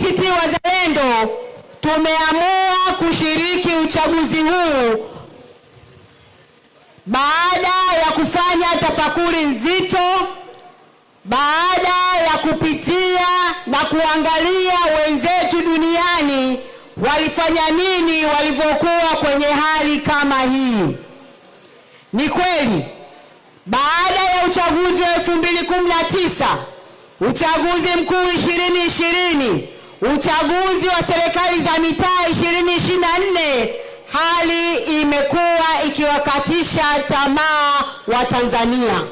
ACT Wazalendo tumeamua kushiriki uchaguzi huu baada ya kufanya tafakuri nzito, baada ya kupitia na kuangalia wenzetu duniani walifanya nini walivyokuwa kwenye hali kama hii. Ni kweli baada ya uchaguzi wa 2019 uchaguzi mkuu 2020 uchaguzi wa serikali za mitaa 2024 hali imekuwa ikiwakatisha tamaa wa Tanzania,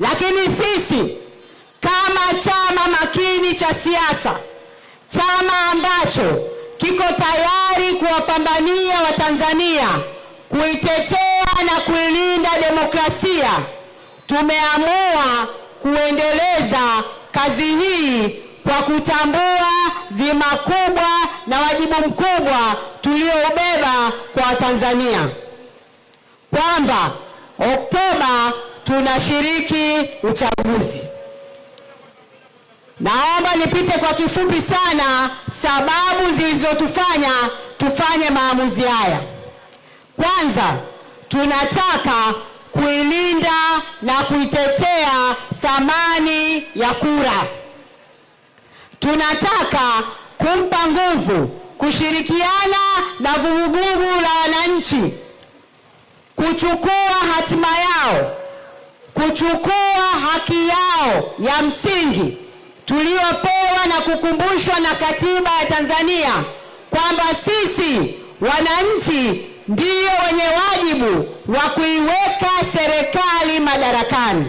lakini sisi kama chama makini cha siasa, chama ambacho kiko tayari kuwapambania Watanzania, kuitetea na kuilinda demokrasia, tumeamua kuendeleza kazi hii kwa kutambua dhima kubwa na wajibu mkubwa tulioubeba kwa Watanzania kwamba Oktoba tunashiriki uchaguzi. Naomba nipite kwa kifupi sana sababu zilizotufanya tufanye maamuzi haya. Kwanza, tunataka kuilinda na kuitetea thamani ya kura tunataka kumpa nguvu kushirikiana na vuguvugu la wananchi kuchukua hatima yao, kuchukua haki yao ya msingi tuliyopewa na kukumbushwa na katiba ya Tanzania kwamba sisi wananchi ndiyo wenye wajibu wa kuiweka serikali madarakani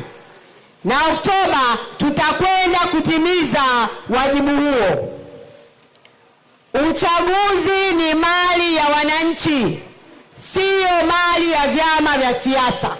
na Oktoba tutakwenda kutimiza wajibu huo. Uchaguzi ni mali ya wananchi, siyo mali ya vyama vya siasa.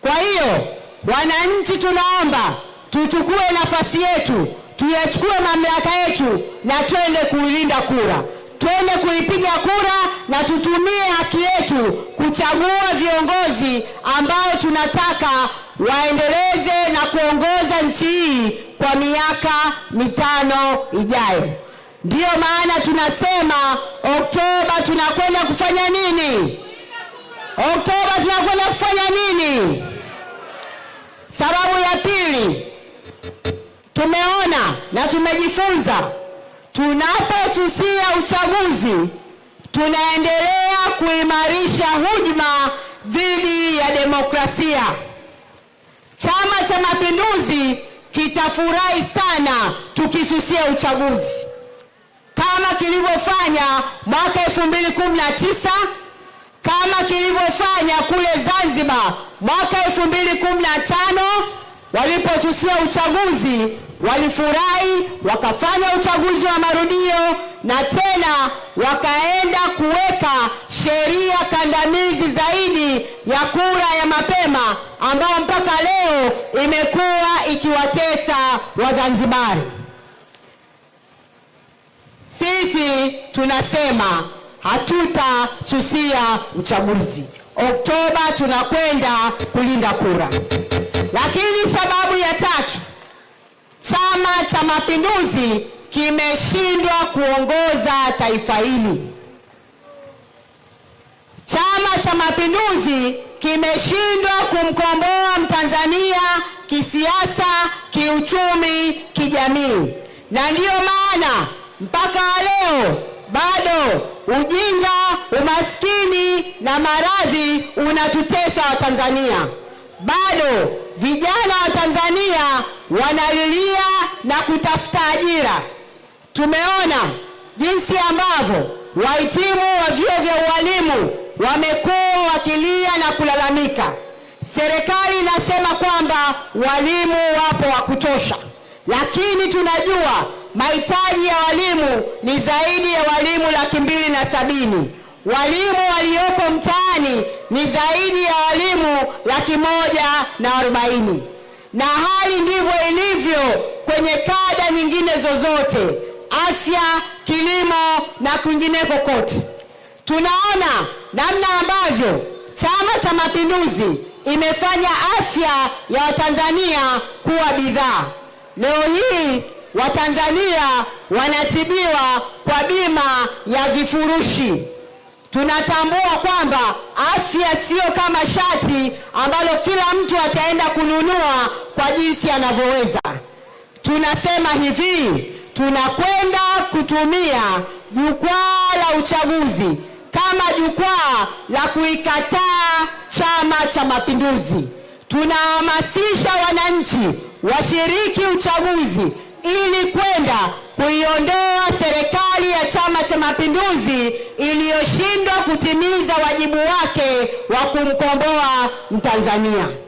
Kwa hiyo, wananchi, tunaomba tuchukue nafasi yetu, tuyachukue mamlaka yetu na twende kuilinda kura, twende kuipiga kura na tutumie haki yetu kuchagua viongozi ambao tunataka waendeleze na kuongoza nchi hii kwa miaka mitano ijayo. Ndiyo maana tunasema Oktoba tunakwenda kufanya nini? Oktoba tunakwenda kufanya nini? Sababu ya pili, tumeona na tumejifunza, tunaposusia uchaguzi tunaendelea kuimarisha hujuma dhidi ya demokrasia. Chama cha Mapinduzi kitafurahi sana tukisusia uchaguzi kama kilivyofanya mwaka 2019 kama kilivyofanya kule Zanzibar mwaka 2015 Waliposusia uchaguzi walifurahi, wakafanya uchaguzi wa marudio na tena wakaenda kuweka sheria kandamizi zaidi ya kura ya mapema ambayo mpaka leo imekuwa ikiwatesa Wazanzibari. Sisi tunasema hatutasusia uchaguzi. Oktoba tunakwenda kulinda kura. Lakini sababu ya tatu, Chama cha Mapinduzi kimeshindwa kuongoza taifa hili. Chama cha Mapinduzi kimeshindwa kumkomboa Mtanzania kisiasa, kiuchumi, kijamii, na ndiyo maana mpaka leo bado ujinga, umaskini na maradhi unatutesa Watanzania bado vijana wa Tanzania wanalilia na kutafuta ajira. Tumeona jinsi ambavyo wahitimu wa vyuo vya ualimu wamekuwa wakilia na kulalamika. Serikali inasema kwamba walimu wapo wa kutosha, lakini tunajua mahitaji ya walimu ni zaidi ya walimu laki mbili na sabini. Walimu waliopo mtaani ni zaidi ya walimu laki moja na arobaini, na hali ndivyo ilivyo kwenye kada nyingine zozote, afya, kilimo na kwingineko kote. Tunaona namna ambavyo Chama cha Mapinduzi imefanya afya ya Watanzania kuwa bidhaa. Leo hii Watanzania wanatibiwa kwa bima ya vifurushi. Tunatambua kwamba afya sio kama shati ambalo kila mtu ataenda kununua kwa jinsi anavyoweza. Tunasema hivi, tunakwenda kutumia jukwaa la uchaguzi kama jukwaa la kuikataa Chama cha Mapinduzi. Tunahamasisha wananchi washiriki uchaguzi ili kwenda kuiondoa serikali Chama cha Mapinduzi iliyoshindwa kutimiza wajibu wake wa kumkomboa Mtanzania.